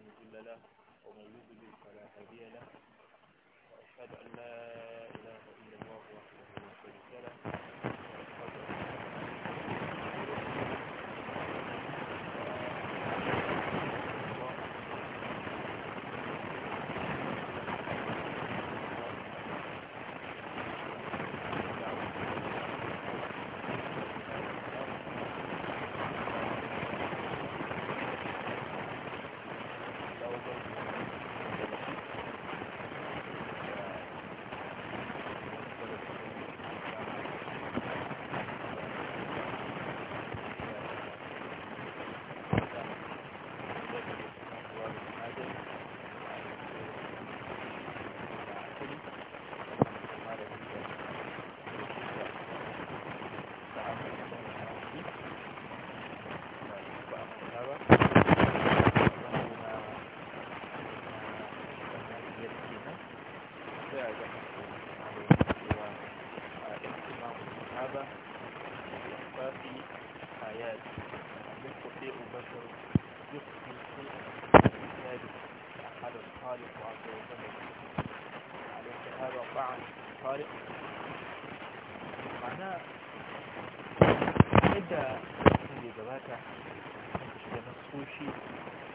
مضل له ومن يضلل فلا هادي له وأشهد أن لا da sun da gabata da shi da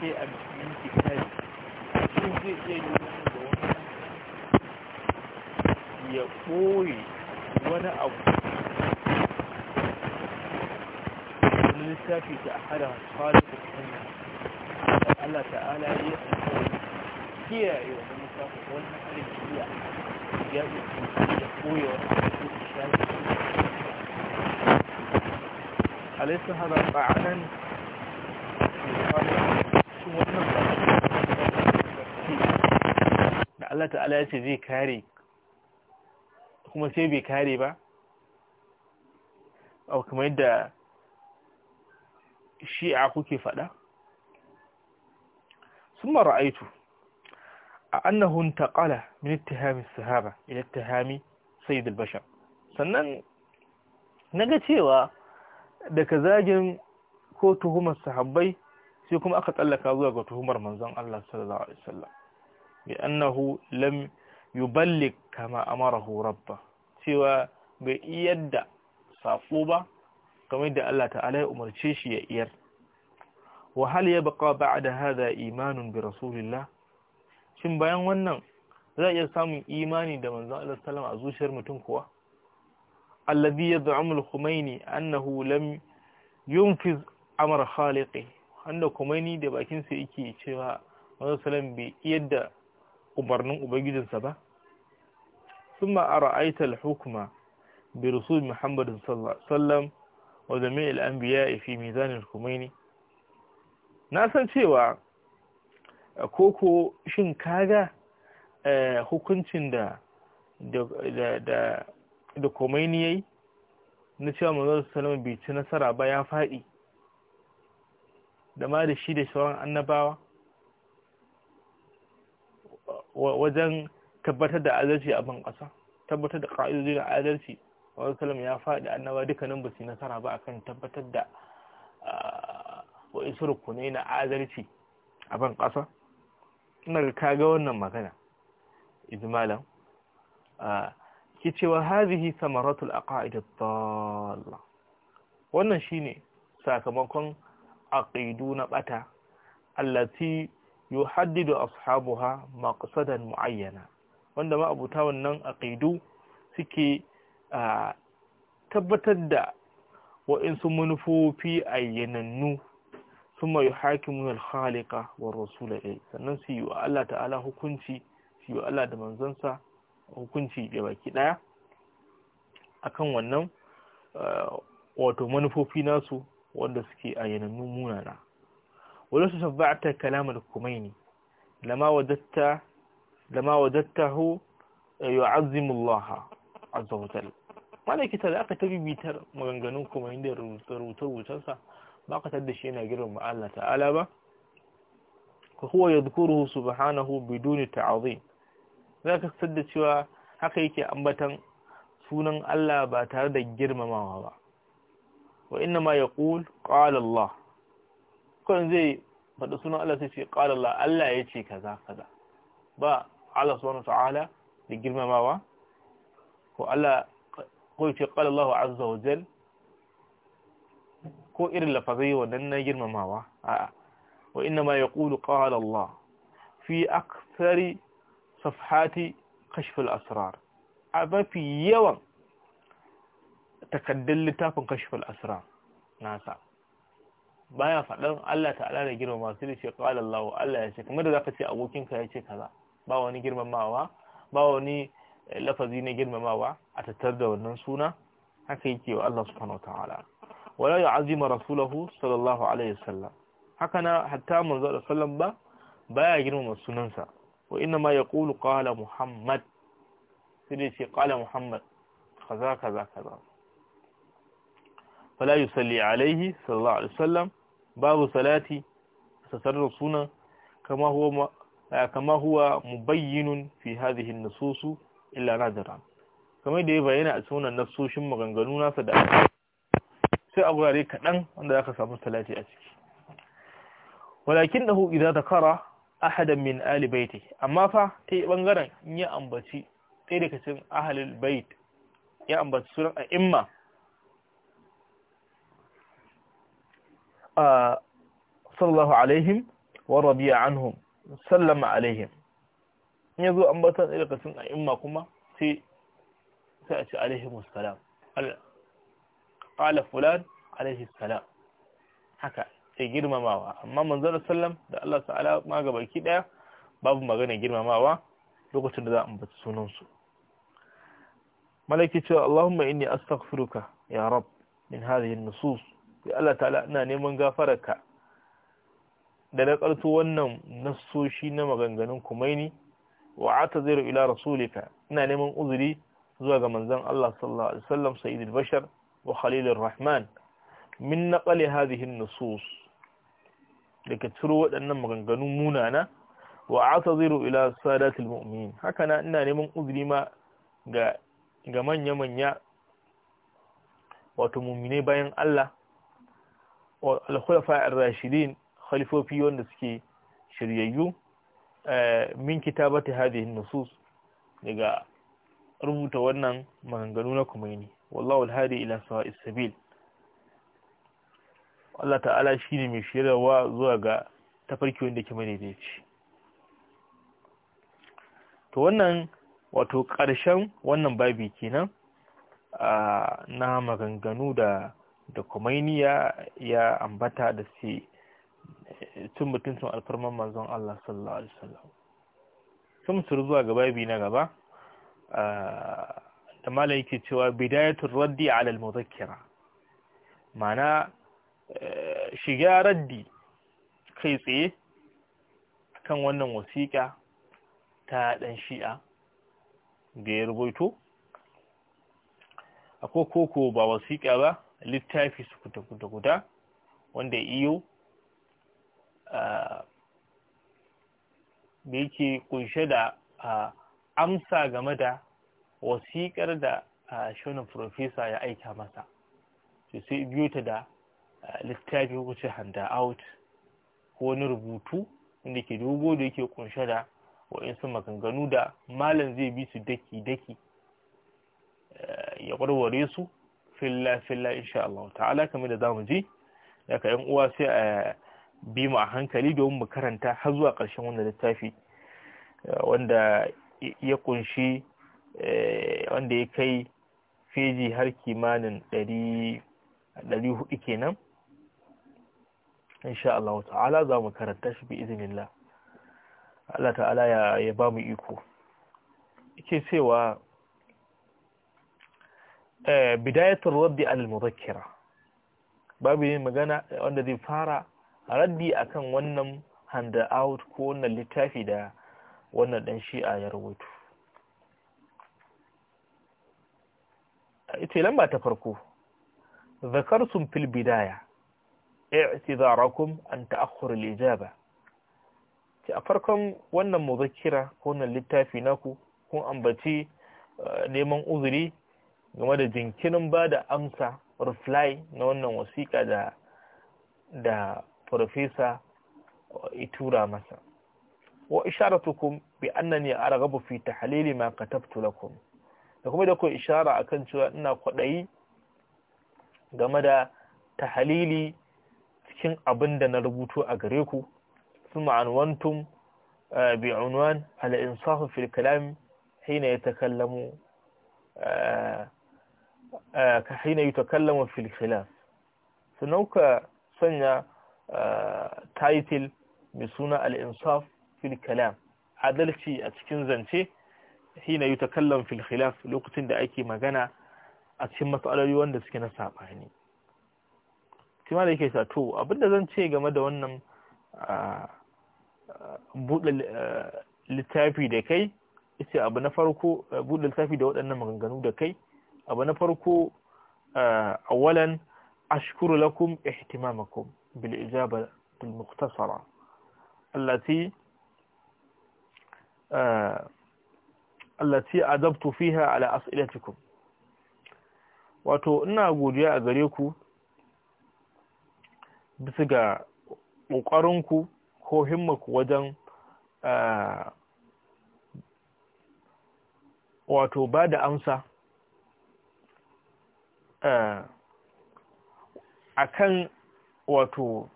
شيئا من كتابه شو زي زي ya ɓoye wani abu wani littafi ta hada fara da sanya da Allah ta'ala ya kiyaye wani littafi wani alikiya ya yi ya ɓoye wani abu da shafi alaisa hada ba'anan da da Allah ta'ala ya ce zai kare kuma sai bai kare ba a kuma yadda shi'a kuke fada? sun mara aitu a annahun taƙala min ittihami sahaba ila ittihami sayyidul bashar sannan naga cewa daga zagin ko tuhumar sahabbai sai kuma aka tsallaka zuwa ga tuhumar manzon Allah sallallahu alaihi wasallam bi annahu lam yuballigh kama amarahu rabba cewa bai iyar da sako ba kamar da Allah ta'ala ya umarce shi ya iyar wa hal yabqa ba'da hadha imanun bi rasulillah shin bayan wannan za iya samun imani da manzon Allah sallallahu alaihi wasallam a zuciyar mutum kuwa alladhi yad'amu al-khumaini annahu lam yunfiz amr khaliqihi wanda ni da bakinsa yake cewa wani salam bai iyar da umarnin ubangijinsa ba sun ma'ara al hukuma bi rasul muhammadin sallam wa zami al'ambiya fi mizanin ni na san cewa koko eh, shin kaga eh, hukuncin da da komai ni yayi na cewa manzon salama bai ci nasara ba ya fadi da ma da shi da sauran annabawa wajen tabbatar da adalci a ban tabbatar da ƙa'idoji da adalci wani kalam ya faɗi annaba dukkanin ba su nasara ba akan tabbatar da wa'isu rukunai na adalci a ban ƙasa ina ga kaga wannan magana ijmalan ke cewa hazihi samaratul aqaidat dalla wannan shine sakamakon aqidu na bata allati yuhaddidu ashabuha maqsadan muayyana wanda ma abuta wannan aqidu suke tabbatar da wa'insu manufofi ayyanannu summa yuhakimu al-khaliqa wa rasula sannan su yi wa Allah ta'ala hukunci su yi wa Allah da manzansa hukunci da baki daya akan wannan wato manufofi nasu wanda suke ayyanannu munana wani su sabbata kalamar kumaini lama wadatta lama wadattahu eh, yu'azzimu Allah a zautar jalla ta da aka tabbitar maganganun kumaini da rubuce ba ka tada shi yana girin ma'ala ta'ala ba ka huwa yadhkuruhu subhanahu biduni za zaka sadda cewa haka yake ambatan sunan Allah ba tare da girmamawa ba wa inna ma yaqul qala Allah zai faɗi sunan Allah ya ce kaza kaza ba Allah subhanahu ta'ala da girmamawa ko Allah ko ce qala Allah ko irin lafazai wannan na girmamawa a wa inna ma yaqulu fi akthari safhati kashf asrar a mafi yawan takaddun littafin kashful asra nasa baya faɗan Allah ta'ala da girma masu da ce qala Allah Allah ya ce kamar da zaka ce abokinka ya ce kaza ba wani girmamawa ba wani eh, lafazi na girmamawa a tattar da wannan suna haka yake wa Allah subhanahu wataala wala ya'zima rasulahu sallallahu alaihi wasallam haka na hatta manzo da sallam ba baya girmama sunansa wa inna ma yaqulu qala muhammad sai ce qala muhammad kaza kaza kaza fala yusalli alaihi sallallahu alaihi wasallam babu salati tasarruf sunan kama huwa kama huwa mubayyinun fi hadhihi an-nusus illa nadran kamar da ya bayyana a cikin nasoshin maganganu nasa da sai a gurare kaɗan wanda zaka samu salati a ciki walakinahu idza zakara ahadan min ali baiti amma fa ta bangaren in ya ambaci ɗaya daga cikin ahlul bait ya ambaci sunan a'imma sallallahu alaihim wa rabia anhum sallama alaihim in yazo an bata cikin a'imma kuma sai sai a ce alaihim assalam ala fulan alaihi salam haka sai girmamawa amma manzon sallam da Allah ta'ala ma baki daya babu magana girmamawa lokacin da za a ambaci sunan su malaki cewa Allahumma inni astaghfiruka ya rab min hadhihi an-nusus ya Allah ta'ala ina neman gafararka da na ƙarto wannan nassoshi na maganganun kumaini wa ata zai ila rasulika ina neman uzuri zuwa ga manzon Allah sallallahu alaihi wasallam sayyidul bashar wa khalilur rahman min naqali hadhihi an-nusus daga ciro waɗannan maganganun munana wa ata zai ila sadatul mumin? haka na ina neman uzuri ma ga ga manya-manya wato muminai bayan Allah al-khulafa ar-rashidin khalifofi wanda suke shiryayyu min kitabati hadhihi an-nusus daga rubuta wannan maganganu na kumaini wallahu al-hadi ila sawa'is sabil Allah ta'ala shine mai shiryawa zuwa ga tafarki wanda ke madaidaici to wannan wato karshen wannan babi kenan na maganganu da da kumainiya ya ambata da su eh, cin mutuncin alfarman manzon Allah sallallahu alaihi wasallam sun su zuwa gaba bi na gaba ah, da malai yake cewa bidayatul raddi ala al-muzakkira mana eh, shiga raddi kai tsaye kan wannan wasiƙa ta ɗan shi'a da ya rubuto a ko ba wasiƙa ba littafi su guda-guda wanda iyo da yake kunshe da amsa game da wasiƙar da shonin profesa ya aika masa su sai biyo ta da littafi wuce handa out ko wani rubutu wanda ke dogo da yake kunshe da waɗansu maganganu da malam zai bi su daki-daki ya warware su filla filla insha Allah ta'ala kamar da zamu ji daga yan uwa sai a bi mu a hankali domin mu karanta har zuwa ƙarshen wannan littafi eh, wanda ya kunshi eh, wanda ya kai feji har kimanin ɗari hudu kenan insha Allah ta'ala za mu karanta shi bi izinillah Allah ta'ala ya ba mu iko yake cewa Eh, bidayatul raddi alal muzakkira babu ne magana wanda zai fara raddi akan wannan handa out ko wannan littafi da wannan dan shi'a ya rawaito ita lamba ta farko zakartum fil bidaya i'tidarakum an ta'akhkhur al ijaba ce a farkon wannan muzakkira ko wannan littafi naku kun ambaci eh, neman uzuri game da jinkirin ba da amsa reply na wannan wasiƙa da da farfesa itura masa wa isharatukum bi annani aragabu fi tahlili ma katabtu lakum da kuma da ku ishara akan cewa ina kwadayi game da tahlili cikin abinda na rubuto a gare ku thumma anwantum eh, bi unwan al-insaf fi al-kalam hina yatakallamu eh, ka hina yi takallama filkhilaf sannan ka sanya title mai suna al'insaf filkalam adalci a cikin zance hina yi fil filkhilaf lokacin da ake magana a cikin matsaloli wanda suke na saɓani cima da yake sa to abinda zan ce game da wannan buɗe littafi da kai ita abu na farko buɗe littafi da waɗannan maganganu da kai abu na farko eh, awalan ashkuru lakum ihtimamakum bil ijaba al mukhtasara allati eh, allati adabtu fiha ala as'ilatikum wato ina godiya a gare ku bisa ga ƙoƙarinku ko himmaku wajen eh, wato ba da amsa a kan wato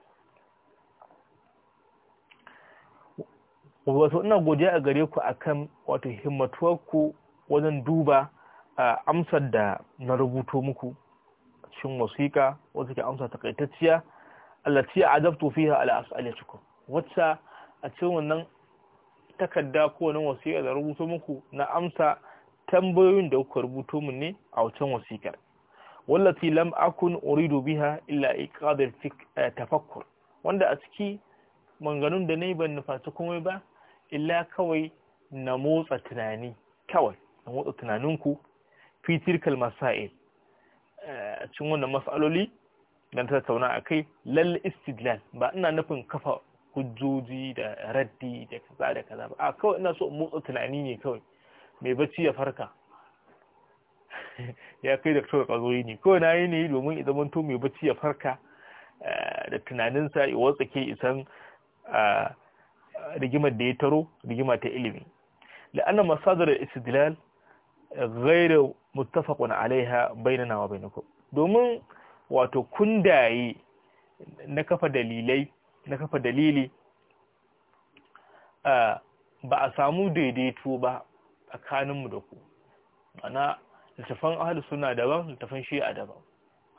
wato ina godiya a gare ku akan wato himmatuwarku wajen duba amsar da na rubuto muku cikin wasiƙa wasu ke amsa takaitacciya allati ajabtu fiha ala as'alatikum wacce a cikin wannan takarda ko wannan wasiƙa da rubuto muku na amsa tambayoyin da kuka rubuto mu ne a wancan wasiƙar Wallaci lam akun uridu biha illa iqadar eh, tafakkur wanda a ciki manganun da nayi ban nufaci komai ba illa kawai na motsa tunani kawai na motsa tunaninku fi tilkal masail eh, a cikin wannan ta tauna tattauna kai, lalle istidlal ba ina nufin kafa hujjoji da raddi da kaza da kaza ba a kawai ina so motsa tunani ne kawai mai bacci ya farka ya kai daktar kwazoyi ne kawai na yi ne domin idan manto mai bacci ya farka eh, da tunaninsa ya ke isan ah, rigimar da ya taro rigima ta ilimi La'anar la'anna masadar istidlal ghairu muttafaqun alaiha na wa ku? domin wato kundaye na kafa dalilai na kafa dalili ah, ba a samu daidaito ba tsakaninmu da ku ana littafan ahalus suna daban littafan shi'a daban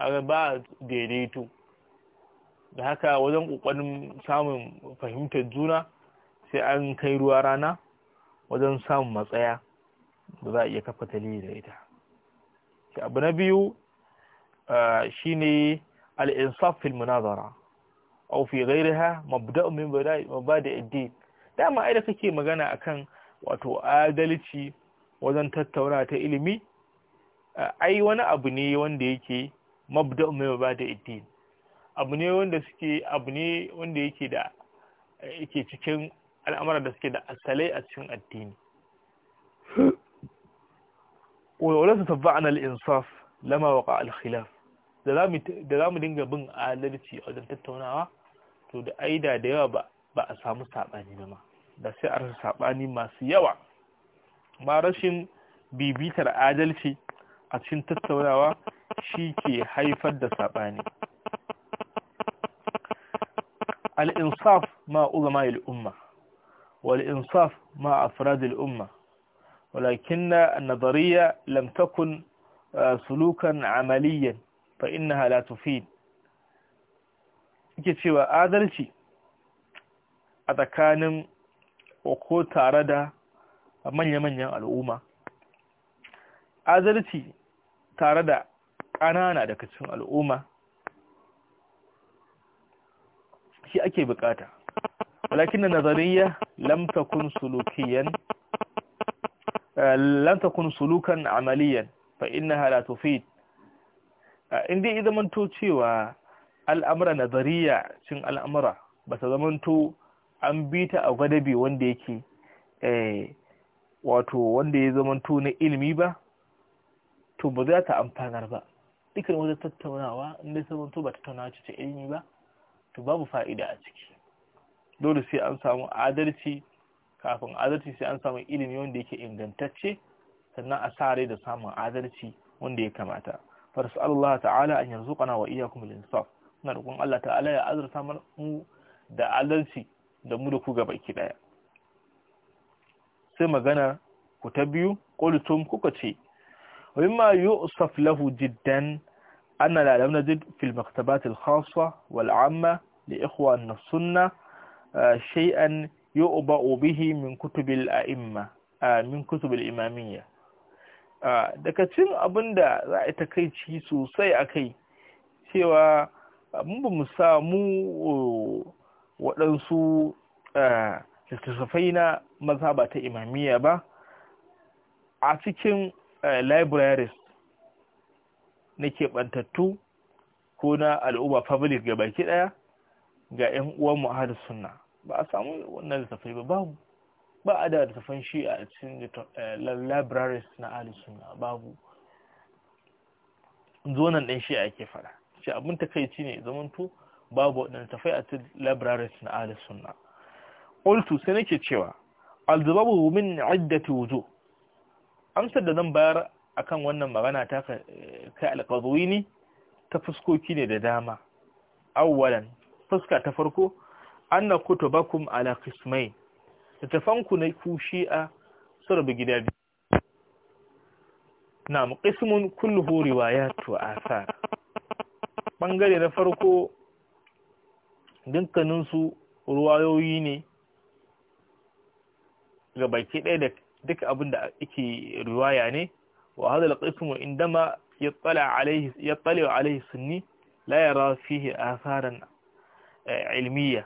haka ba daidaito da haka wajen kokarin samun fahimtar juna sai an kai ruwa rana wajen samun matsaya da za a iya kafa tali da ita abu na biyu shine al-insaf fil munazara aw fi ghayriha mabda' min mabadi' ad-din dama ai da kake magana akan wato adalci wajen tattauna ta ilimi ai wani abu ne wanda yake mabda mai ba da iddin abu ne wanda suke abu ne wanda yake da yake cikin al'amara da suke da asalai a cikin addini wala su tabba an al'insaf lama waka al-khilaf da za mu dinga bin adalci a wajen tattaunawa to da aida da yawa ba a samu saɓani ba ma da sai a rasa saɓani masu yawa Ma rashin bibitar adalci a cikin tattaunawa shi ke haifar da saɓani al'insaf ma uzama il umma wal'insaf ma afirad il umma walakin na nazariya lamtakun uh, sulukan amaliyyan fa na halatu fi yake cewa adalci a tsakanin ko tare da manya-manyan al'umma adalci tare da ƙanana daga cikin al'umma shi ake bukata walakin da nazariya lam kun eh, sulukan amaliyan fa innaha la tufid eh, inda ya zamanto cewa al'amura nazariya cin al'amura ba ta zamanto an bi ta a gwadabi wanda yake eh, wato wanda ya zamanto na ilimi ba to ba za ta amfanar ba dukkan wajen tattaunawa inda sabon to ba tattaunawa ce ta ilimi ba to babu fa'ida a ciki dole sai an samu adalci kafin adalci sai an samu ilimi wanda yake ingantacce sannan a sa rai da samun adalci wanda ya kamata farsu Allah ta'ala an yanzu kana wa iyakum linsaf. insaf muna Allah ta'ala ya azurta mu da adalci da mu da ku gaba ki daya sai magana ku ta biyu qultum kuka ce ومما يؤصف له جدا أن لا لم نجد في المكتبات الخاصة والعامة لإخوان السنة شيئا يؤبأ به من كتب الأئمة من كتب الإمامية daga cin abin da za a ta kai ci sosai a kai cewa mun ba mu samu waɗansu littattafai na mazhaba ta imamiyya ba a cikin Eh, libraries na keɓantattu ko na al'umma public ga baki ɗaya ga 'yan uwan a suna ba a samu wannan littafai ba babu ba a da littafan eh, shi a cikin libraries na ahli suna babu zonan ɗin shi ake fara shi abin takaici ne zamanto babu waɗannan littafai a cikin libraries na ahli suna qultu sai nake cewa alzababu min iddati wujuh amsar da zan bayar akan wannan magana ta kai ne ta fuskoki ne da dama awwalan fuska ta farko anna kutubakum ala qismain tafanku na ku a sarbi gida biyu na'am qismun kulluhu riwayat athar bangare na farko dinkaninsu ruwayoyi ne ga baki ɗaya da duk abin da ake riwaya ne wa hadha al-qism indama yattala alayhi yattali alayhi sunni la yara fihi atharan eh, ilmiya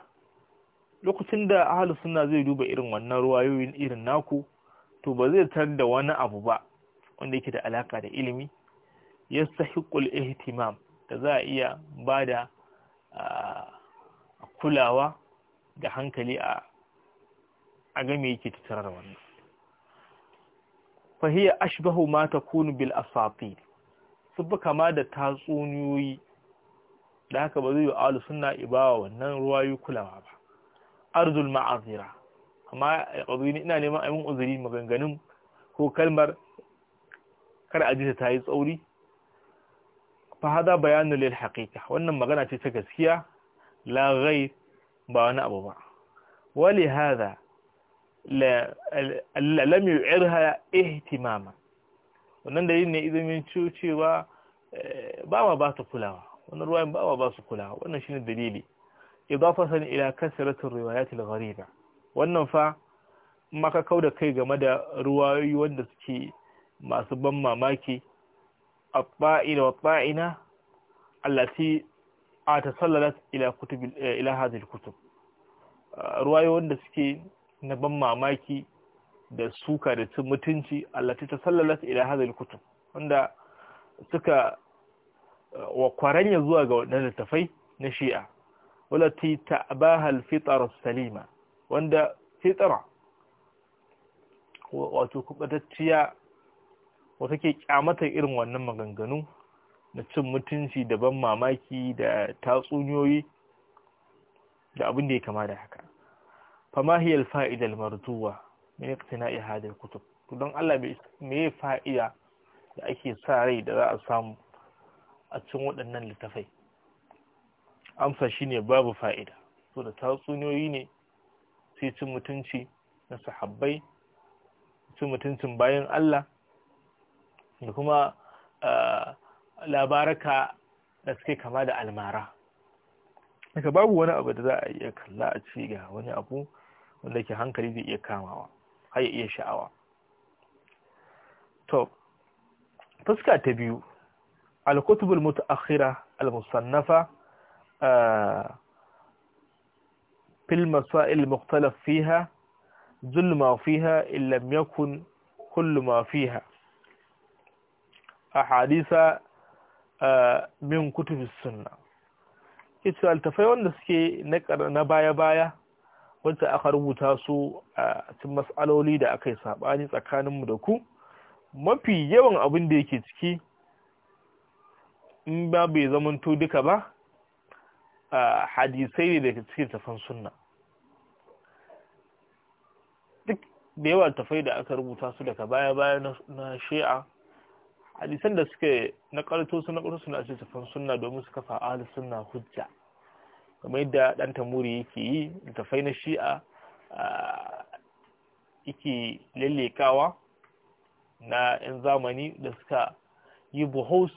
lokacin da ahlus sunna zai duba irin wannan ruwayoyin irin naku to ba zai tar da wani abu ba wanda yake da alaka da ilimi yastahiqul ihtimam da za a iya bada ah, kulawa da hankali a game yake tattara wannan fahiyar ashbahu ma ta kunu bil asafi su bi kama da tatsuniyoyi da haka ba zai yi alu suna ibawa wannan ruwayu kulawa ba arzul ma'azira amma ƙazini ina neman abin uzuri maganganun ko kalmar kar a jita ta yi tsauri fa hada bayanu lil haƙiƙa wannan magana ce ta gaskiya la gai ba wani abu ba wali hada lam yu'irha ihtimama wannan da yin ne izamin cewa eh, ba ma ba ta kulawa wannan ruwayan ba ma ba su kulawa wannan shine dalili idafatan ila kasratir riwayat al-ghariba wannan fa maka kauda kai game da ruwayoyi wanda suke masu ban mamaki at wa ta'ina allati atasallalat ila kutub eh, ila hadhihi al-kutub ah, ruwayoyi wanda suke na ban mamaki da suka da cin mutunci Allah ta sallalat ila hadhihi kutub wanda suka wa kwaranya zuwa ga wannan tafai na shi'a walati ta'baha al-fitra salima wanda fitra wato kubatacciya wato ke kyamata irin wannan maganganu na cin mutunci da ban mamaki da tatsuniyoyi da abin da ya kama da haka fama hiya al-fa'ida al-marjuwa min iqtina'i hadhihi kutub to don Allah me fa'ida da ake sa rai da za a samu a cikin waɗannan littafai amsa shine babu fa'ida so da tatsuniyoyi ne sai cin mutunci na sahabbai cin mutuncin bayan Allah da kuma ah, labaraka da suke kama da almara daga babu wani abu da za a iya kalla a ci ga wani abu wanda ke hankali zai iya kamawa har iya sha'awa to fuska ta biyu al-kutubul mutaakhira al-musannafa eh, fil masail mukhtalaf fiha zulma fiha illa lam yakun kullu ma fiha ahadisa eh, min kutubis sunna ita altafai wanda suke na baya-baya wacce aka rubuta su a cikin matsaloli da aka yi saɓani tsakaninmu da ku mafi yawan abin da yake ciki in ba bai zamanto duka ba a hadisai ne da cikin tafan sunna duk da yawa tafai da aka rubuta su daga baya-baya na shi'a hadisan da suke na ƙarto su na su cikin tafan sunna domin su kafa ahalus sunna hujja kamar yadda ɗan tamuri yake yi da fai na shi'a yake lallekawa na 'yan zamani da suka yi buhos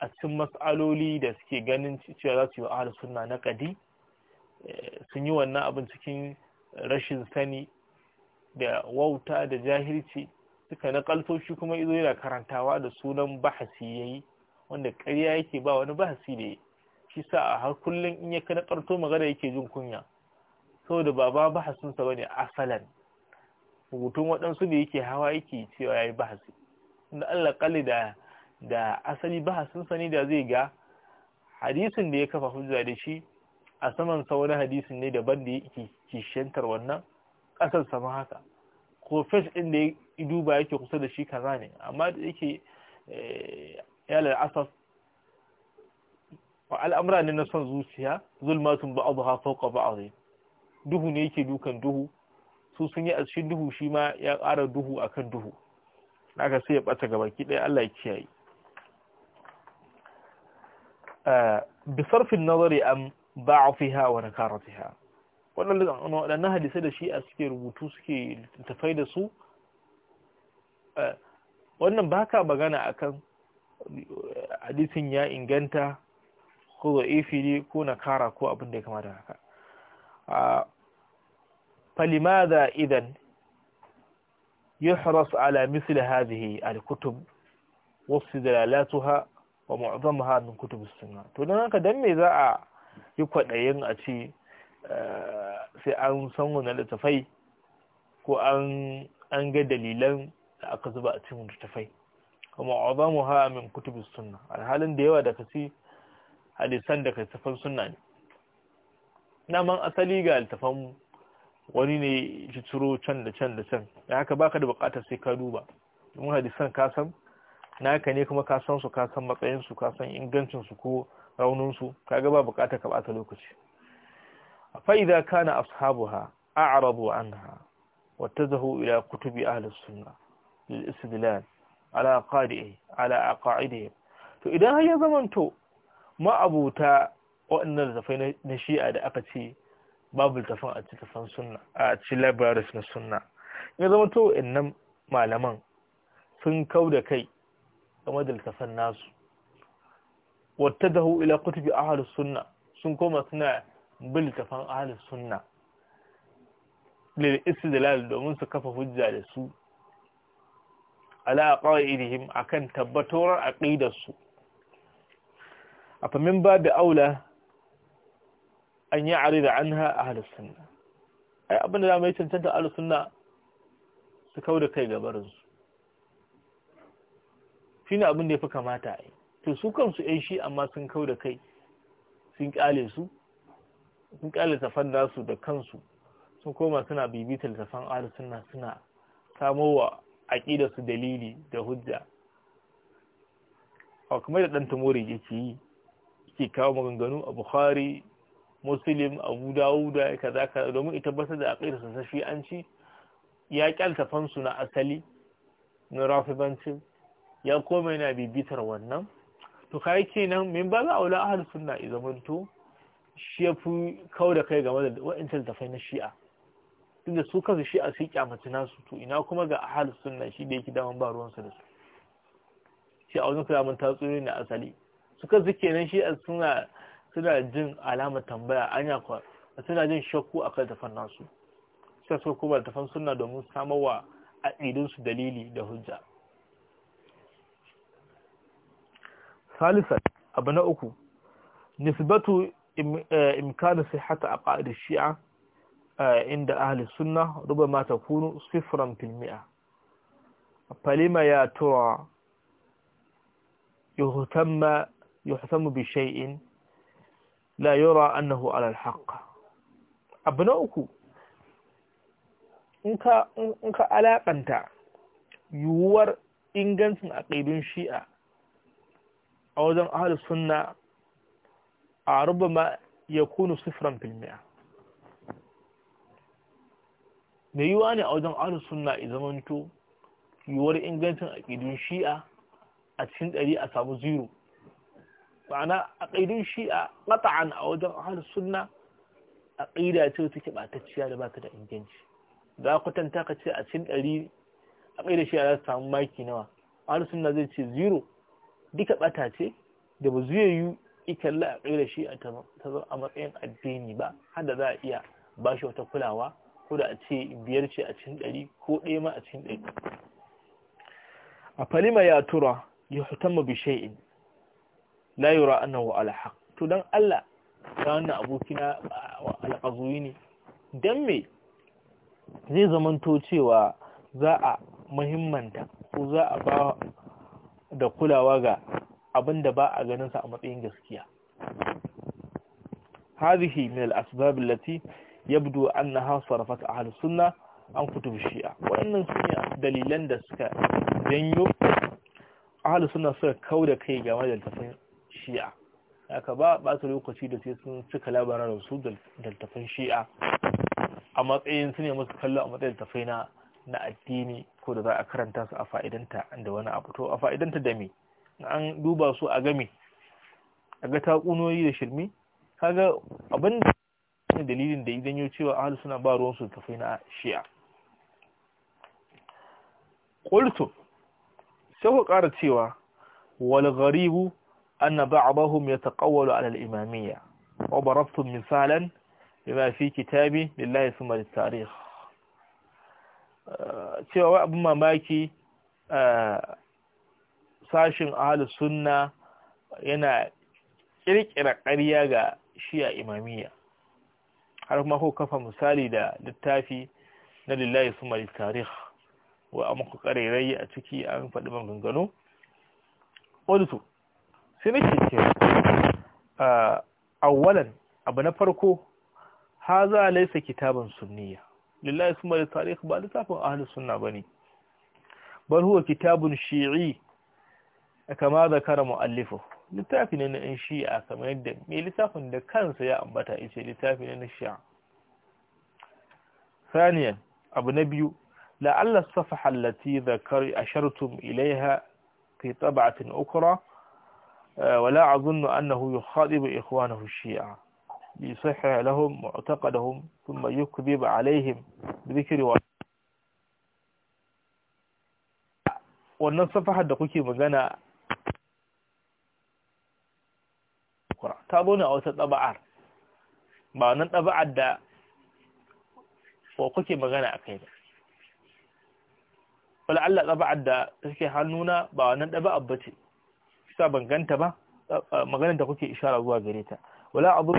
a cikin matsaloli da suke ganin cewa za su yi wa suna na ƙadi eh, sun yi wannan abin cikin rashin sani da wauta da jahilci suka nakalto shi kuma izo yana karantawa da sunan bahasi ya yi wanda karya yake ba wani bahasi da ya shi sa har kullum in ya kana ƙarto magana yake jin kunya saboda ba ba bahasinsa bane asalan Hutun waɗansu da yake hawa yake cewa yi bahasi inda Allah da da asali bahasinsa ne da zai ga hadisin da ya kafa hujja da shi a saman sa wani hadisin ne daban da yake kishiyantar wannan ƙasar sama haka ko fes ɗin da ya duba yake kusa da shi kaza ne amma da yake eh, yalar asaf wa al'amura ne na son zuciya zulmatun ba abu ha fauka ba a duhu ne yake dukan duhu su sun yi a cikin duhu shi ma ya ƙara duhu akan duhu Na ka sai ya ɓata gaba ki ɗaya Allah ya kiyaye eh, bi sarfin nazari an ba'afiha wa nakaratiha waɗannan hadisai da shi a suke rubutu suke tafai da su eh, wannan ba ka magana akan hadisin ya inganta ko za'ifi ne ko na kara ko abin da ya kama da haka a idan فلماذا إذا يحرص ha wa ma'azan الكتب واستدلالاتها ومعظمها ha to don haka don me za a yi kwaɗayin a ce eh, sai an san wani littafai ko an ga dalilan da aka zuba a cikin littafai kuma ha min kutubu sunna alhalin da yawa daga ci hadisan da kai tafan sunna ne naman asali ga altafan wani ne ya ciro can da can da can da haka baka da bukatar sai ka duba mun hadisan ka san naka ne kuma ka san su ka san matsayin su ka san ingancin su ko raunin su kaga ba bukatar ka bata lokaci fa idza kana ashabuha a'rabu anha wattazahu ila kutubi ahli sunna lil istidlal ala qadi ala aqaidi to idan har ya zamanto ma'abuta waɗannan littafai na shi'a da aka ce babu littafin a cikin sunna a cikin libraries na sunna ya zama to innan malaman sun kau da kai game da littafan nasu wata dahu ila kutubi ahalus sunna sun koma suna bin littafan ahalus sunna lil istidlal domin su kafa hujja da su ala qaidihim akan tabbatoran aqidarsu su فمن باب أولى أن يعرض عنها أهل السنة أي أبنى لما ميتن تنت أهل السنة سكودة كي قبرز فينا أبنى فكا ما تعي تسوكم سأيشي شيء أما سنكود كي سنكالي سو سنكالي تفن ناسو دكانسو sun koma suna bibita littafan ahlus sunna suna samo wa aqidar su dalili da hujja a kuma da dan tamori yake yi suke kawo maganganu a bukhari muslim abu dawuda kaza kaza domin ita tabbatar da a sa an ci ya kyalta fansu na asali na rafibanci ya koma yana bibitar wannan to kai kenan min ba za a wula ahal sunna i zamanto shi ya fi kawo da kai game da wa'incan tafai na shi'a duk da su kansu shi'a kya kyamaci nasu to ina kuma ga ahal sunna shi da yake daman ba ruwansa da su shi a wajen mun tatsuniyoyi na asali suka zuke nan shi suna suna jin alamar tambaya anya kwa suna jin shakku akan tafan nasu sai suka kuma tafan suna domin samar wa su dalili da hujja salisa abu na uku nisbatu imkanu a ƙa'adar shi'a inda ahli sunna mata kunu sifran filmiya falima ya tura yuhtamma yuhsamu bi shay'in la yura annahu ala al-haqq abu na uku ka in ka alakanta yuwar ingancin aqidun shi'a a wajen ahlus sunna a rubama yakunu sifran fil mi'a da yiwa ne a wajen ahlus sunna izamanto yuwar ingancin aqidun shi'a a cikin ɗari a samu zero ma'ana aƙidun shi'a mata'an a wajen ahalus sunna aƙida ce take ɓatacciya da bata da inganci za ku tanta ka ce a cikin ɗari aƙidar shi'a za su samu maki nawa ahalus sunna zai ce zero duka ɓata ce da ba zuwa yi ikalla aƙidar shi'a ta zo a matsayin addini ba har da za a iya ba shi wata kulawa ko da a ce biyar ce a cikin ɗari ko ɗaya ma a cikin ɗari a falima ya tura ya hutamma bi la yura annahu ala haq to dan Allah ya wannan abokina alƙazuyi ne dan me zai zamanto cewa za a muhimmanta ko za a ba da kulawa ga abinda ba a ganin sa a matsayin gaskiya hadhihi min al-asbab allati yabdu annaha sarafat ahlus sunna an kutub shi'a wannan ne dalilan da suka janyo ahlus sunna suka kauda kai game da tafsirin shi'a haka ba ba su lokaci da sai sun cika labaran su daltafin shi'a a matsayin su ne musu kallo a matsayin tafai na addini ko da za a karanta su a fa'idanta da wani abu to a fa'idanta da me an duba su a game a ga takunoyi da shirmi kaga abin da dalilin da idan yau cewa ahalu suna ba ruwan su tafai na shi'a qultu sai ku ƙara cewa wal gharibu أن بعضهم يتقول على الإمامية وضربت مثالا لما في كتابي لله ثم للتاريخ cewa abin mamaki sashin ahalus sunna yana kirkira ƙarya ga a imamiyya har kuma ko kafa misali da littafi na lillahi suma tarih wa amma ku ƙarerai a ciki an faɗi maganganu ƙudutu sai ke ce awalan, abu na farko haza laisa kitabin sunniya lillahi summa li tarihi ba littafin ahlus sunna ne bar huwa kitabun shi'i kama zakara muallifu littafi ne na yan shi'a kamar yadda mai littafin da kansa ya ambata ice littafi ne na shi'a Saniyan, abu na biyu la'alla safaha a dhakari ashartum ilaiha fi tab'atin ukra ولا أظن أنه يخاطب إخوانه الشيعة يصحح لهم معتقدهم ثم يكذب عليهم بذكر و... wannan safahar da kuke magana ta zo ne a wata tsaba'ar ba wannan tsaba'ar da wa kuke magana a kai ba wala Allah da take hannuna ba wannan tsaba'ar ba ce sa ban ganta ba maganar da kuke ishara zuwa gare ta wala abu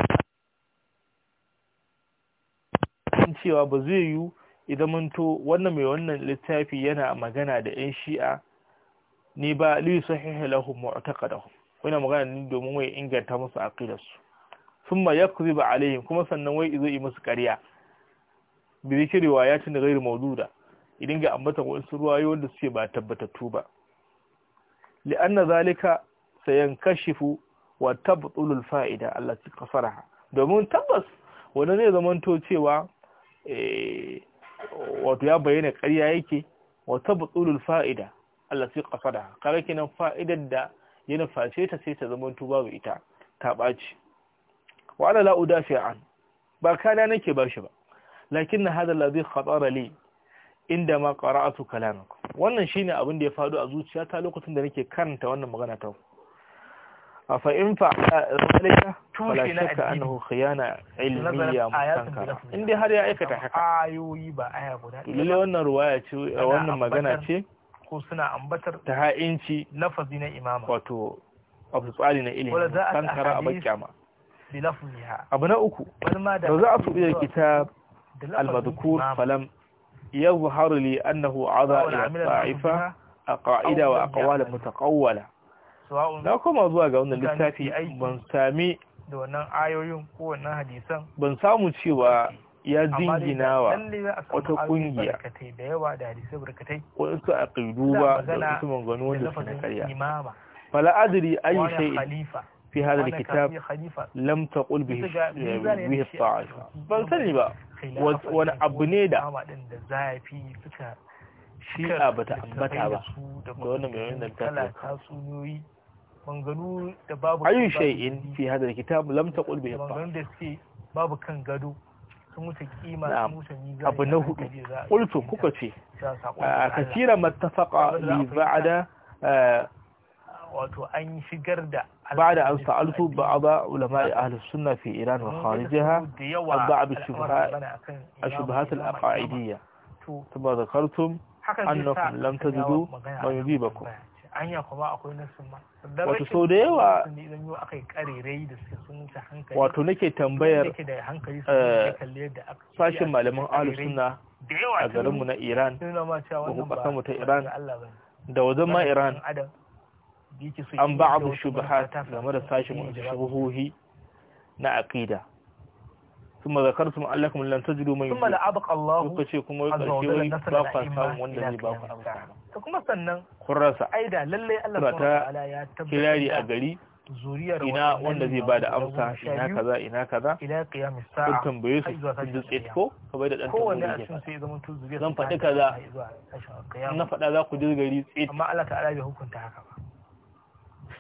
cewa ba zai yiwu idan to wannan mai wannan littafi yana magana da 'yan shi'a ne ba li sahihi lahum mu'taqadahum wannan magana ne domin wai inganta musu aqidarsu thumma yakziba alaihim kuma sannan wai zai yi musu ƙarya bi ya riwayatin ghairu maududa. idan ga ambata wasu ruwayoyi wanda suke ba tabbatattu ba na zalika sayankashifu wa tabtulul fa'ida Allah ci qasaraha domin tabbas ne zai to cewa eh, wato ya bayyana ƙarya yake wa tabtulul fa'ida Allah ci qasadaha kare kenan fa'idar da ya face ta sai ta to babu ita ta baci wa ana la udafi an ba kana nake bashi ba lakinna hadha alladhi khatara li inda ma qara'atu kalamak wannan shine abin da ya faru a zuciyata lokacin da nake karanta wannan magana ta ku فإن فعل ذلك فلا شك أنه خيانة علمية مستنكرة إن دي هذه آية كتحقا إلي آية وانا رواية وانا مغانا تي خوصنا أمبتر تها إنشي نفذين إماما وطو أبسطالين إليه مستنكرة أبكاما بلفظها أبنا أكو رضعت إلى الكتاب المذكور فلم يظهر لي أنه عضاء الطائفة أقاعدة وأقوال متقولة na koma zuwa ga wannan littafi ban sami da wannan ayoyin ko wannan hadisan ban samu cewa ya jingina wa wata kungiya da yawa da hadisai barkatai wasu aqidu ba da su mangano wanda su na karya fala adri ayi shay fi hadha alkitab lam taqul bihi bihi ta'ifa ban sani ba wani abu ne da zafi suka shi a bata ambata ba da wannan mai wannan tafiya أي شيء في هذا الكتاب لم تقل به الطائفة نعم أبنه قلت كوكتي كثيرا ما اتفق بعد بعد أن سألت بعض علماء أهل السنة في إيران وخارجها أضع بالشبهات الأقاعدية ثم ذكرتم أنكم لم تجدوا ما يجيبكم anya kuma akwai nasin ma wato da yawa idan yau aka yi karerai da suke sun wuce hankali wato nake tambayar eh, sashin malaman ahlus sunna a garinmu na Iran ta Iran da wajen ma Iran an ba abu shubahat game da sashin wasu na aƙida ثم ذكرتم انكم لن تجدوا من ثم لعبق الله kace kuma karshe wai ba ku samu wanda zai ba kuma sannan kun rasa aida lalle Allah ya tabbata kirari a gari zuriyar ina wanda zai bada amsa ina kaza ina kaza ila qiyamis sa'a kun tambaye su kun dutse ko ka bai da dan kowanne a cikin sai zaman zuriyar zan faɗi kaza na faɗa za ku dirgari tsit amma Allah ta'ala bai hukunta haka ba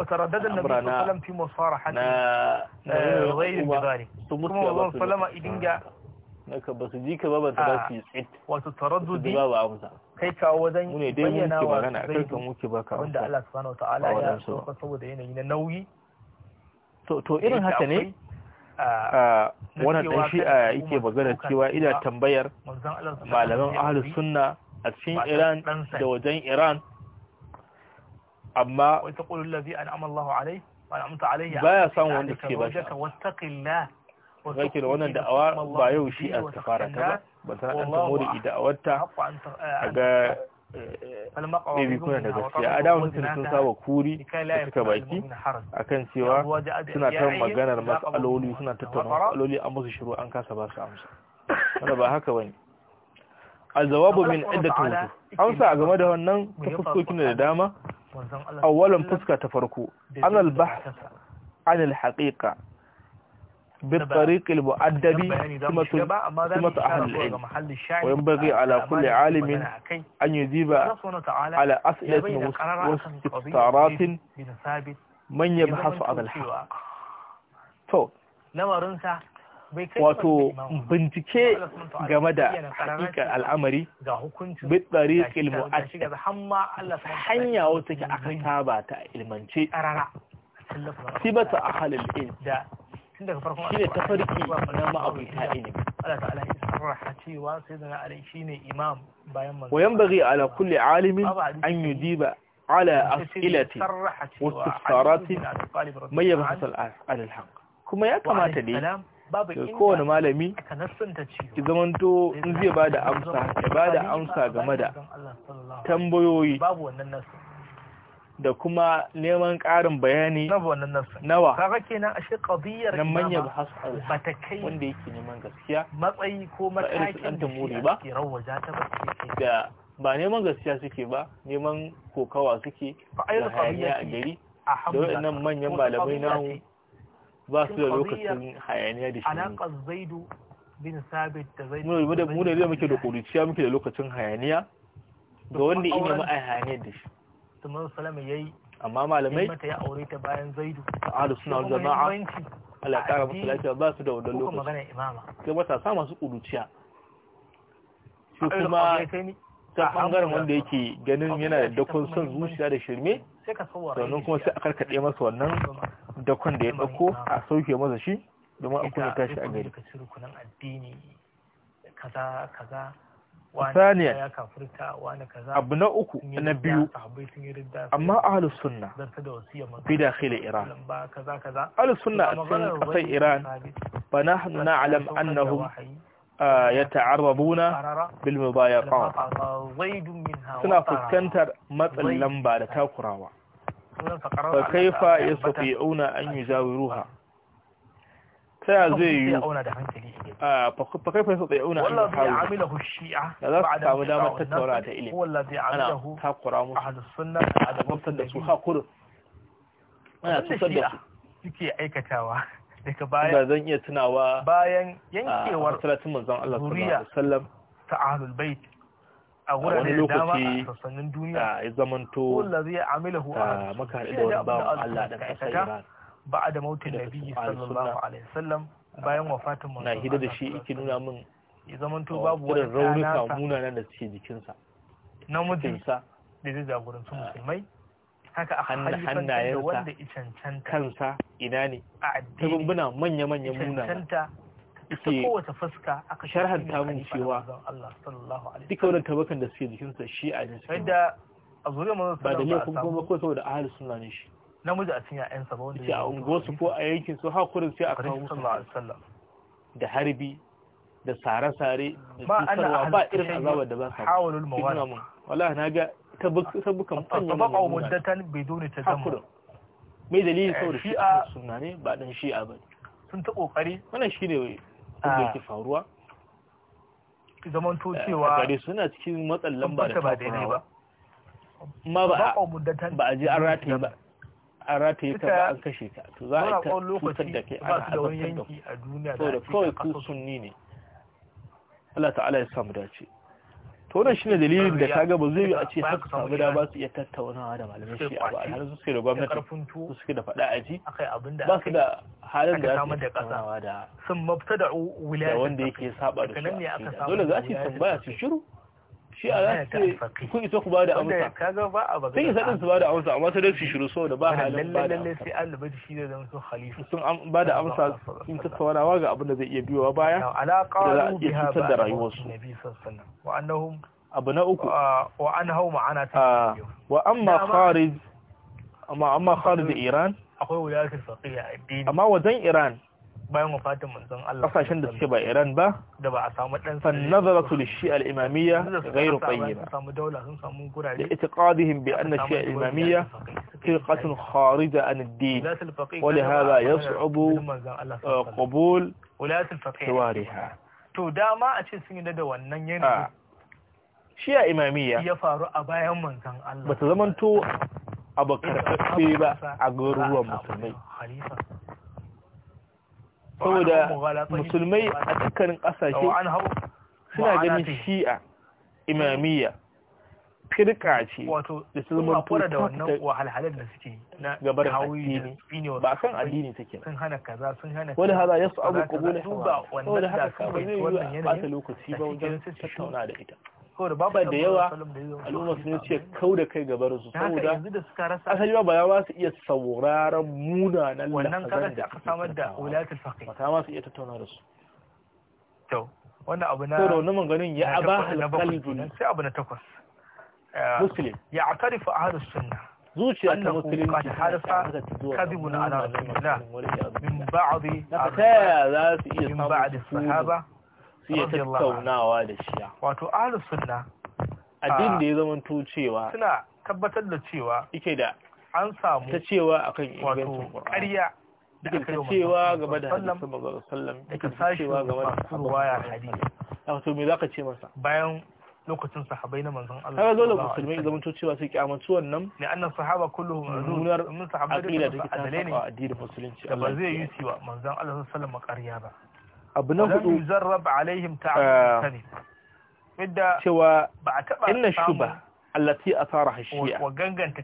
وتردد النبي صلى الله عليه وسلم في مصارحة غير بذلك ثم الله ka ba ba ta ba su yi tsit wato wanda saboda yanayi na nauyi to irin haka ne wannan dan shi a yake magana cewa ina tambayar malaman ahlus sunna a cikin Iran da wajen Iran amma wata qulul ladhi an'ama Allahu alayhi wa an'amta alayhi baya san wanda suke ba shi ba wakil wannan da'awa ba yau shi a fara ta ba ba ta dan tamuri da'awarta ga bai kuna da gaskiya a da mutum sun saba kuri da suka baki akan cewa suna ta maganar matsaloli suna tattauna matsaloli an musu shiru an kasa ba su amsa wanda ba haka bane jawabu min iddatin wujuh amsa a game da wannan ta fuskokin da dama أولاً فسكة تفركو farko البحث عن الحقيقة بالطريق المؤدب ثمة أهل العلم وينبغي على كل عالم أن يجيب على أسئلة واستفسارات من يبحث عن الحق to wato bincike game da hakikar al'amari bitsari ilmu a hanya wata ke aka saba ta ilmance sibata a halin in shi ne ta farki na ma'abuta ilimi wayan bari ala kulle alimin an yi diba ala asilati wasu tsaratin mai yabasa al'alhaq kuma ya kamata ne babu kowane malami ki zamanto in zai ba da amsa ya ba da amsa game da tambayoyi da kuma neman ƙarin bayani nawa na kenan ashe manya ba hasu kai wanda yake neman gaskiya matsayi ko matakin da ta ba da ba neman gaskiya suke ba neman kokawa suke da hayaniya a gari da waɗannan manyan malamai na ba su da lokacin hayaniya da shi alaƙar zaidu bin sabit da zaidu da mu da muke da kuruciya muke da lokacin hayaniya ga wanda ina yi hayaniya da shi salama yayi amma malamai mata ya aure ta bayan zaidu ta'alu suna jama'a Allah ƙara musu lafiya ba su da wannan lokaci magana imama sai matasa masu kuruciya shi kuma ta bangaren wanda yake ganin yana da dakon son zuciya da shirme sannan kuma sai a karkaɗe masa wannan dakon da ya ɗauko a sauke masa shi domin a kuma tashi a gari saniya abu na uku na biyu amma ahalus sunna fi khila iran ahalus sunna a cikin kasar iran fa nahnu na'lam annahum yata'arrabuna bil mubayaqat suna fuskantar matsin lamba da takurawa fa kaifa yastati'una an yujawiruha ta ya zai yi a fa kaifa yastati'una an yujawiruha da za su samu damar tattaura ta ilimi ana takura musu a da da su hakurin ana tusar da su suke aikatawa daga bayan ba zan iya tunawa bayan yankewar salatin manzon Allah sallallahu alaihi wasallam ta ahlul bait a wurin da dama a sassanin duniya ya zamanto wallazi ya amilahu a maka da wani bawan Allah da kasar Iran da mautin nabi sallallahu alaihi wasallam bayan wafatin manzon na hida da shi yake nuna min ya zamanto babu wani raunuka munanan da suke jikinsa na mutunsa da zai jagoranci musulmai haka a hannayensa wanda cancanta kansa ina ne ta rumbuna manya manya muna cancanta ta kowace fuska aka ta mun cewa duka wannan tabakan da suke jikinsa shi a ne suke da a zuriya manzon ba da laifin kuma ko saboda ahli sunna ne shi namiji a cinya ƴaƴansa sabon da ya ungo su ko a yankin su ha kurin sai a kawo musu da harbi da sare-sare da tsarwa ba irin azabar da ba sa ba. Hawalul mawali. Wallahi na ga ta sabukan fanyen malamai muddatan biduni tazammum mai dalilin saboda eh, shi'a suna ne ba dan shi a bane sun ta kokari wannan shine da ah. yake faruwa zaman to eh, cewa gare suna cikin matsan lamba da ba daidai ba ma ba ba a ji an rataye ba an rataye ka ba an kashe ka to za a ta cutar da kai ana haɗar da ku saboda kawai ku sunni ne Allah ta'ala ya samu dace to shi ne dalilin da kaga ba zai yi a ce haka samu da ba su iya tattaunawa da malamai shi a ba har su suke da gwamnati su suke da fada a ji ba su da halin da za su tattaunawa da wanda yake saba da su dole za su yi tambaya su shiru shi a za su ce kun isa ku ba da amsa kaga ba a bagada sai isa din su ba da amsa amma sai dai su shiru so ba halin ba da lalle sai Allah shi da zama sun khalifa sun ba da amsa sun tattaunawa ga abin da zai iya biyowa baya da za a iya cutar da rayuwarsu abu na uku uh, wa anhaw ma'ana ta ah, wa amma an amma amma iran akwai addini amma wajen iran bayan wafatin manzon Allah kasashen da suke ba Iran ba da ba a samu dan fa al-imamiyya ghayru tayyiba samu daula sun samu gurare itiqadihim bi anna shi al-imamiyya firqatun kharija an ad-din wa li hadha yas'ubu uh, qabul ulat al-faqih to dama a ce sun yi da wannan yanayi ah. imamiyya ya faru a bayan manzon Allah bata zamanto abu karfafe ba a garuruwan musulmai saboda musulmai a dukkanin ƙasashe suna ganin shi'a eh. imamiyya firka ce da su zama tuta da wannan wahalhalar da suke na gabar addini ba kan addini take sun hana kaza sun hana wani haza ya su abu kubule saboda haka ba zai yi wa a ɓata lokaci ba wajen tattauna da ita ba da yawa al'umma sun ce kau da kai gabar su saboda asali ba ya ba su iya sauraron munanan lafazan da aka samar da wulatul faqih ba ma su iya tattauna da su to wannan abu na to wannan maganin ya aba qalbun sai abu na takwas muslim ya atarifu ahlus sunnah zuciya ta musulunci harfa kadibun ala rasulillah min ba'd akaya za su iya samun sahaba su ya tattaunawa da shi wato ahlus sunna addini da ah, ya zamanto cewa suna tabbatar da cewa yake da an samu ta cewa akan ingancin Qur'ani ƙarya da aka cewa game da hadisin manzo sallam da ka cewa game da ruwaya hadisi wato me zaka ce masa bayan lokacin sahabai na manzon Allah kaga dole musulmai zaman to cewa su kyamaci wannan ne annan sahaba kulluhum munar mun sahabbai da take ta addinin musulunci da ba zai yi cewa manzon Allah sallallahu alaihi wasallam ƙarya ba أبنهم يجرب عليهم تعبير سوى آه. إن الشبه التي أثارها الشيعة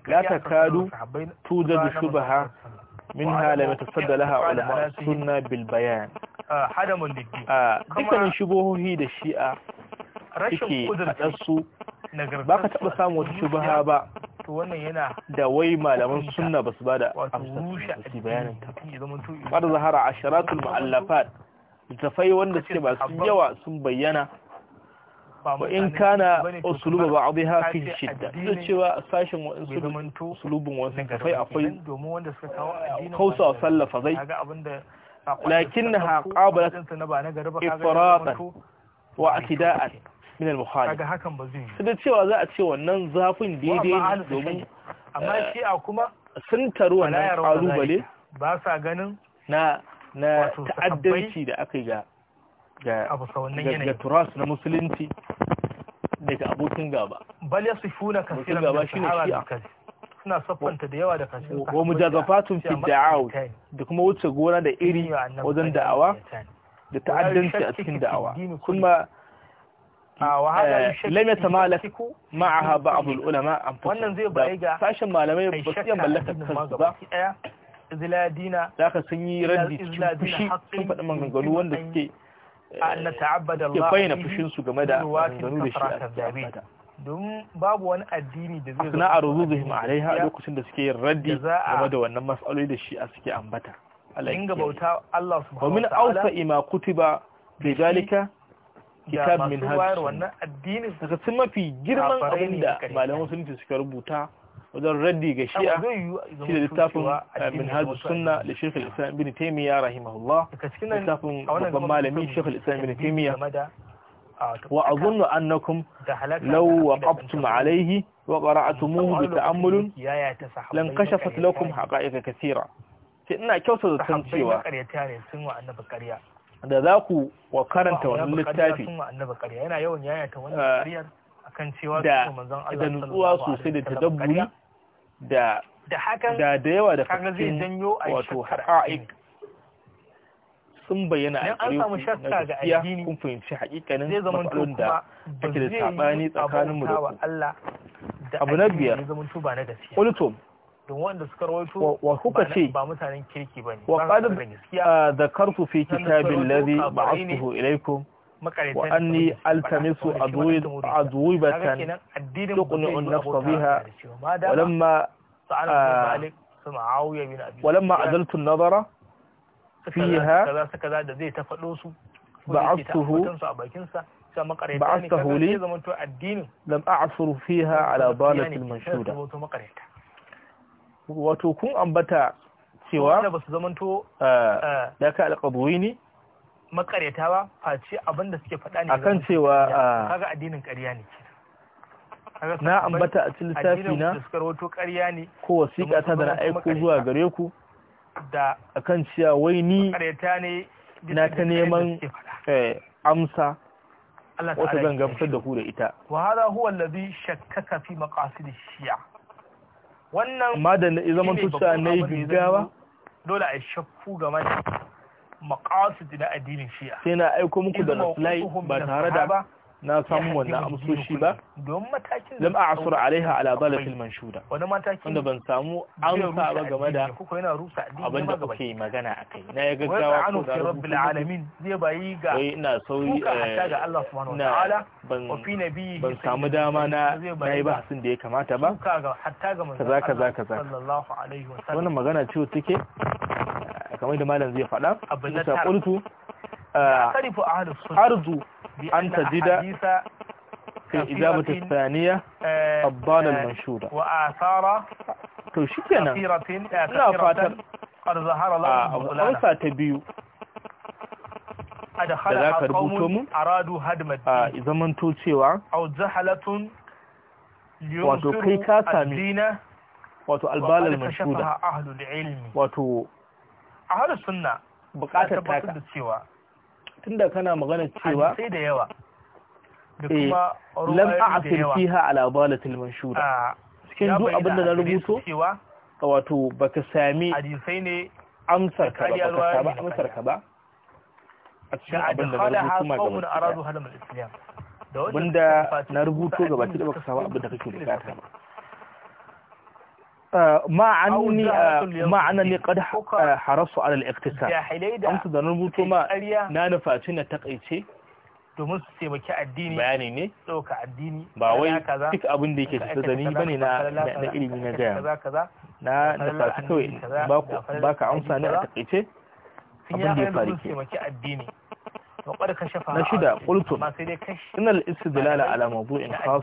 لا تكاد توجد شبهة منها لما تفد لها علماء السنة بالبيان آه، حدم الدين آه، إذا من شبهه هي الشيعة تكي أتأسوا باقة أبسام وتشبهها با da wai malaman sunna ba su ba da amsa su bayanin ta. Bar zahara a sharatul ma'allafat litafai wanda suke masu yawa sun bayyana ba in kana usuluba ya fi shidda da cewa sashin wa usulubin wasu kafai akwai kausa uh, sallafa zai lakinnaha na ifratan wa atida'an min al-muhalif kaga da cewa za a ce wannan zafin daidai ne domin amma shi a kuma uh, sun taru wannan ƙalubale ba sa ganin na na ta'addanci da aka yi ga ga turas na musulunci daga abokin gaba bal yasifuna kaseeran min shi ne suna saffanta da yawa da kashin wa mujazafatun fi da'awu da kuma wuce gona da iri wajen da'awa da ta'addanci a cikin da'awa kuma ah, eh, lam yatamalak ma'aha ba'd al-ulama am wannan zai bai ga sashin malamai ba su mallaka kansu ba izladina zaka sun yi raddi fushi sun faɗi maganganu wanda suke eh, ke bayyana fushinsu game da maganganu da shi a domin babu wani addini da zai suna a ruzuzuhim alaiha a lokacin da suke yin raddi game da wannan matsaloli da shi a suke ambata inga bauta Allah subhanahu wa ta'ala min awsa ima kutiba bi zalika kitab min hadith wannan addinin daga sun mafi girman abinda malaman sunni suka rubuta wajen raddi ga shi'a shi da littafin eh, min hajji sunna da shekul islam bin taimiyya rahimahullah littafin babban malami shekul islam bin taimiyya wa a azunnu annakum law waqaftum alayhi wa qara'tumuhu bi ta'ammul lan kashafat lakum haqa'iqa kathira sai ina kyauta da san cewa da za ku wa karanta wannan littafi eh, da nutsuwa sosai da tadabburi da da da yawa da a wato haqa'iq sun bayyana a gare ku na gaskiya kun fahimci hakikanin matsalolin da ake da sabani tsakaninmu da ku abu na biyar kultum wa kuka ce wa qad zakartu fi kitabil ladhi ba'athuhu ilaykum وأني ألتمس أضوبة تقنع النفس بها ولما آه، ولما أزلت النظر فيها بعثته بعثته لي لم أعثر فيها على ضالة يعني المنشودة وتكون أنبتا سواء آه، آه. لك القضويني makareta ba face abin da suke faɗa ne akan cewa ah, kaga addinin ƙarya ne na ambata a cikin littafi na ƙarya ne ko wasiƙa ta da na aiko zuwa gare ku da akan cewa wai ni na ta neman eh, amsa wata zan gamsar da ku da ita wa hada huwa allazi shakkaka fi maqasid shi'a wannan amma da zaman tusa ne gaggawa dole a shakku game da maqasid na addinin shi'a sai na aiko muku da reply ba tare da na samu wannan amsoshi ba lam a'sur alaiha ala dalatil manshuda wanda ban samu amsa ba game da abin da kuke magana a kai na ya gaggawa ko da rabbil alamin zai bayi ga wai ina sauri ga eh, Allah subhanahu wataala ban ban samu dama na nayi ba hasin da ya kamata ba kaza kaza kaza wannan magana ciwo take kamar da malam zai faɗa abin da qultu ya'tarifu ahlus sunnah arzu an tajida في إجابة الثانية الضالة المنشورة وآثار to shi kenan ina fatar amsa ta biyu da za ka rubuto mu a zamanto cewa wato kai ka sami wato albalar mashuda wato a halin sunna bukatar taka da cewa tunda kana magana cewa sai da yawa da eh, kuma lam a'sir fiha ala dalatil manshura ah, cikin duk abin da na rubuto wato baka sami hadisai ne amsar ka ba baka sami amsar ka ba a cikin abin da na rubuto ma ga wanda na rubuto gabatar da baka sami abin da kake bukata ba ma'anni ma'anni qad harasu ala al-iqtisad an su da rubuto ma na nufaci na takaice domin su taimaki addini bayani ne ɗauka addini ba wai duk abin da yake tafi zani bane na na ilimi na gaya na da kawai ba ka amsa ne a takaice abin da ya faru ke addini فقد لا شدا قلت إن الاستدلال على موضوع خاص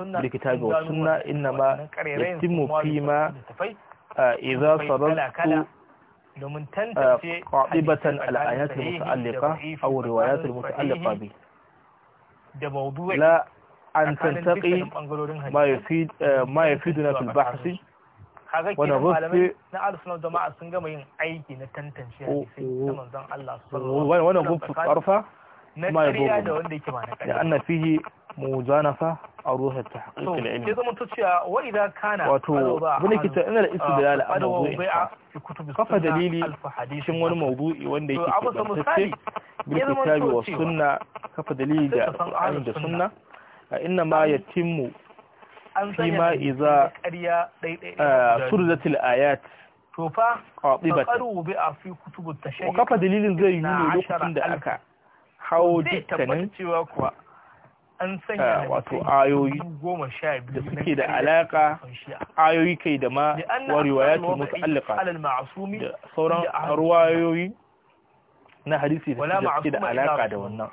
لكتاب والسنة إنما يتم فيما إذا صررت قاطبة الآيات المتعلقة أو الروايات المتعلقة به لا أن تنتقي ما يفيد ما يفيدنا في البحث kaga kenan malamai na alusunan jama'a sun gama yin aiki na tantance oh, a oh. na manzon Allah sallallahu alaihi wasallam wannan gufu na da wanda yake ba na ƙarya da anna fihi mujanafa a ruha tahqiq al-ilm sai zama to cewa wa idza kana wato bune kita ina da a mawdu'i kafa dalili wani mawdu'i wanda yake bil kitabi wa sunna kafa dalili da qur'ani da sunna inna ma yatimmu fi ma iza uh, surzati al'ayat to fa faqaru bi a fi kutubu tashayyu wa kafa dalilin zai yi lokacin da aka hawo dukkanin cewa kuwa an sanya uh, wato ayoyi goma da suke da alaka ayoyi kai da ma wariwayatu mutallaqa alal ma'sumi sauran ruwayoyi na hadisi da suke da alaka da wannan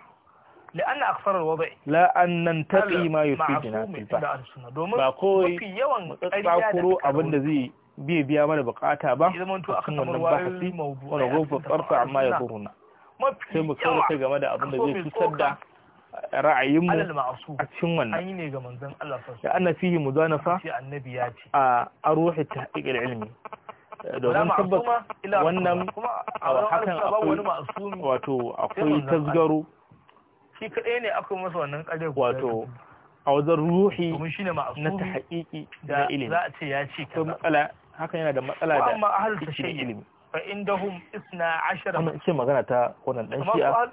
لأن أكثر الوضع لا أن ننتقي ما يفيدنا في البحث باقوي biya أبن ذي بي بيا من بقاتا با أكن ونن بحثي ونغوف الطرف عما يضرنا sai mu kawo game da abin da zai cutar da ra'ayinmu a cikin wannan da ana fihi mu zana fa a aruhi ta haƙiƙar ilimi domin tabbas wannan hakan akwai wato akwai tasgaro shi kaɗai ne aka masa wannan ƙarfi wato a wajen ruhi na ta haƙiƙi da ilimi za a ce ya ce ka matsala haka yana da matsala da amma ahal tashayyun ilimi fa indahum isna ashara amma ce magana ta wannan dan shi'a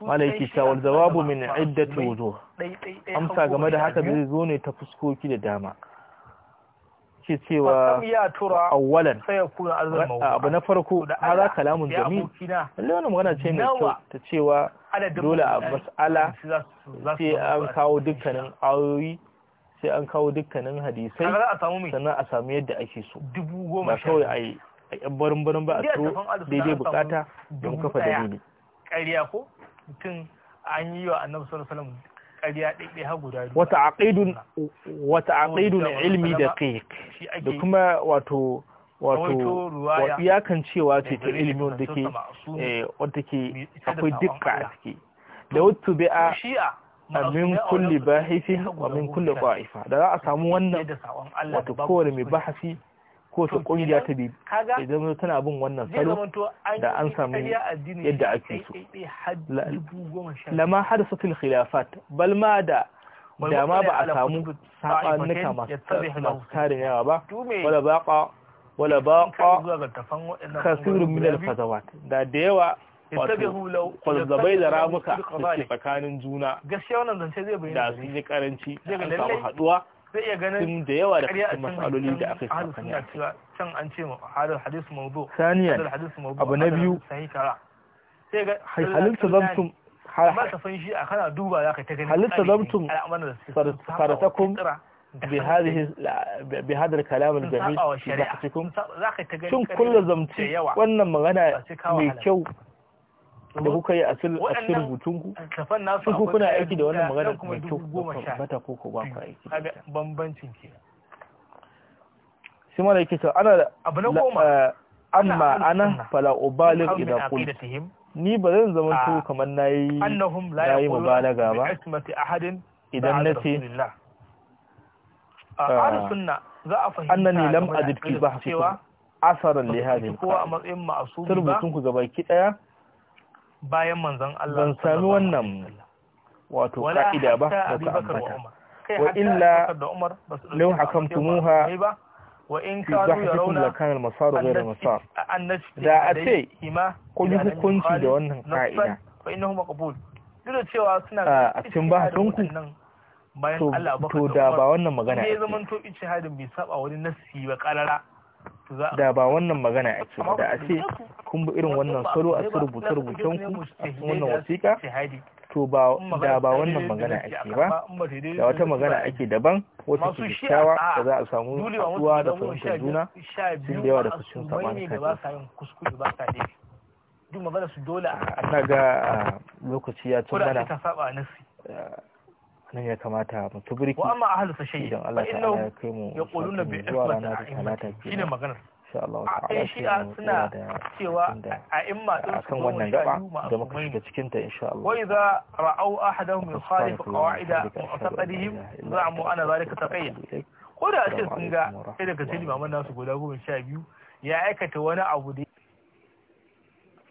malaiki ta wal jawabu min iddatu wujuh amsa game da haka zai zo ne ta fuskoki da dama ke cewa awwalan abu na farko hada kalamun domin wani wannan magana ce mai kyau ta cewa dole a mas'ala sai an kawo dukkanin ayoyi sai an kawo dukkanin hadisai sannan a samu yadda ake so ba kawai a yi a yan barin barin ba a turo daidai bukata don kafa dalili ƙarya ko mutum an yi wa annabi sallallahu alaihi wasallam ƙarya ɗaiɗai har guda biyu wata aqidun wata aqidun ilmi daqiq da kuma wato wato iyakan cewa ce ta ilimi eh, wanda ke wanda ke akwai dukka a ciki da wata a min kulli bahisi wa min kulli qa'ifa da za a samu wannan wato kowane mai bahasi ko ta kungiya ta bi idan tana bin wannan salo da an samu yadda ake so lama hadasatul khilafat bal ma da dama ma ba a samu sabanuka masu tarin yawa ba wala baqa wala baqa kasirun min al-fazawat da da yawa wato kwazzabai da ramuka da ke tsakanin juna da sun yi karanci da an samu haduwa sai ya ganin da yawa da cikin matsaloli da aka yi sakani a can an ce hadal hadisu mawdu saniyan abu na biyu halitta zamtum halitta zamtum faratakum بهذه بهذا الكلام الجميل في بحثكم شن كل زمتي وانا مغنى da kuka yi a cikin rubutunku ku kuna aiki da wannan magana kuma bata ko ko ba ku aiki bambancin ke shi mana yake cewa ana abu na goma amma eh, ana fala ubalig idza qul ni ba zan zama to ah. kamar nayi nayi mubalaga ba idan nace a ah, ah. sunna za a fahimta annani lam ajid fi bahthi asaran li hadhihi ko a matsayin ma'asumi ba turbutun ku ki daya bayan manzon Allah ban sami wannan wato ka'ida ba da ka ambata wa illa law hakamtumuha wa in kanu yarawna la kana al-masar ghayra masar da a ce kun yi hukunci da wannan ka'ida fa innahu maqbul duk da cewa suna a cikin ba bahatunku bayan Allah ba to da ba wannan magana ne zaman to ijtihadin bi saba wani nassi ba qarara da ba wannan magana ake ba da a ce kun bi irin wannan salo a su rubuce-rubucen ku a wannan wasiƙa to ba da ba wannan magana ake ba da wata magana ake daban wata ke kyakkyawa da za a samu haɗuwa da fahimtar juna sun da yawa da fashin saman kai duk magana su dole a ga ah, lokaci ya tun mana nan ya kamata mu tubirki ko amma ahlus shayyi idan Allah ta'ala ya kai mu yaquluna bi ifmati shine maganar insha Allah ta'ala shi suna cewa a imma din su wannan gaba da muka shiga cikin ta insha Allah wa idza ra'aw ahadahum yukhalifu qawa'ida mu'taqadihim za'amu ana zalika taqiyya ko da a ce sun ga sai daga sai limaman nasu guda goma sha biyu ya aikata wani abu da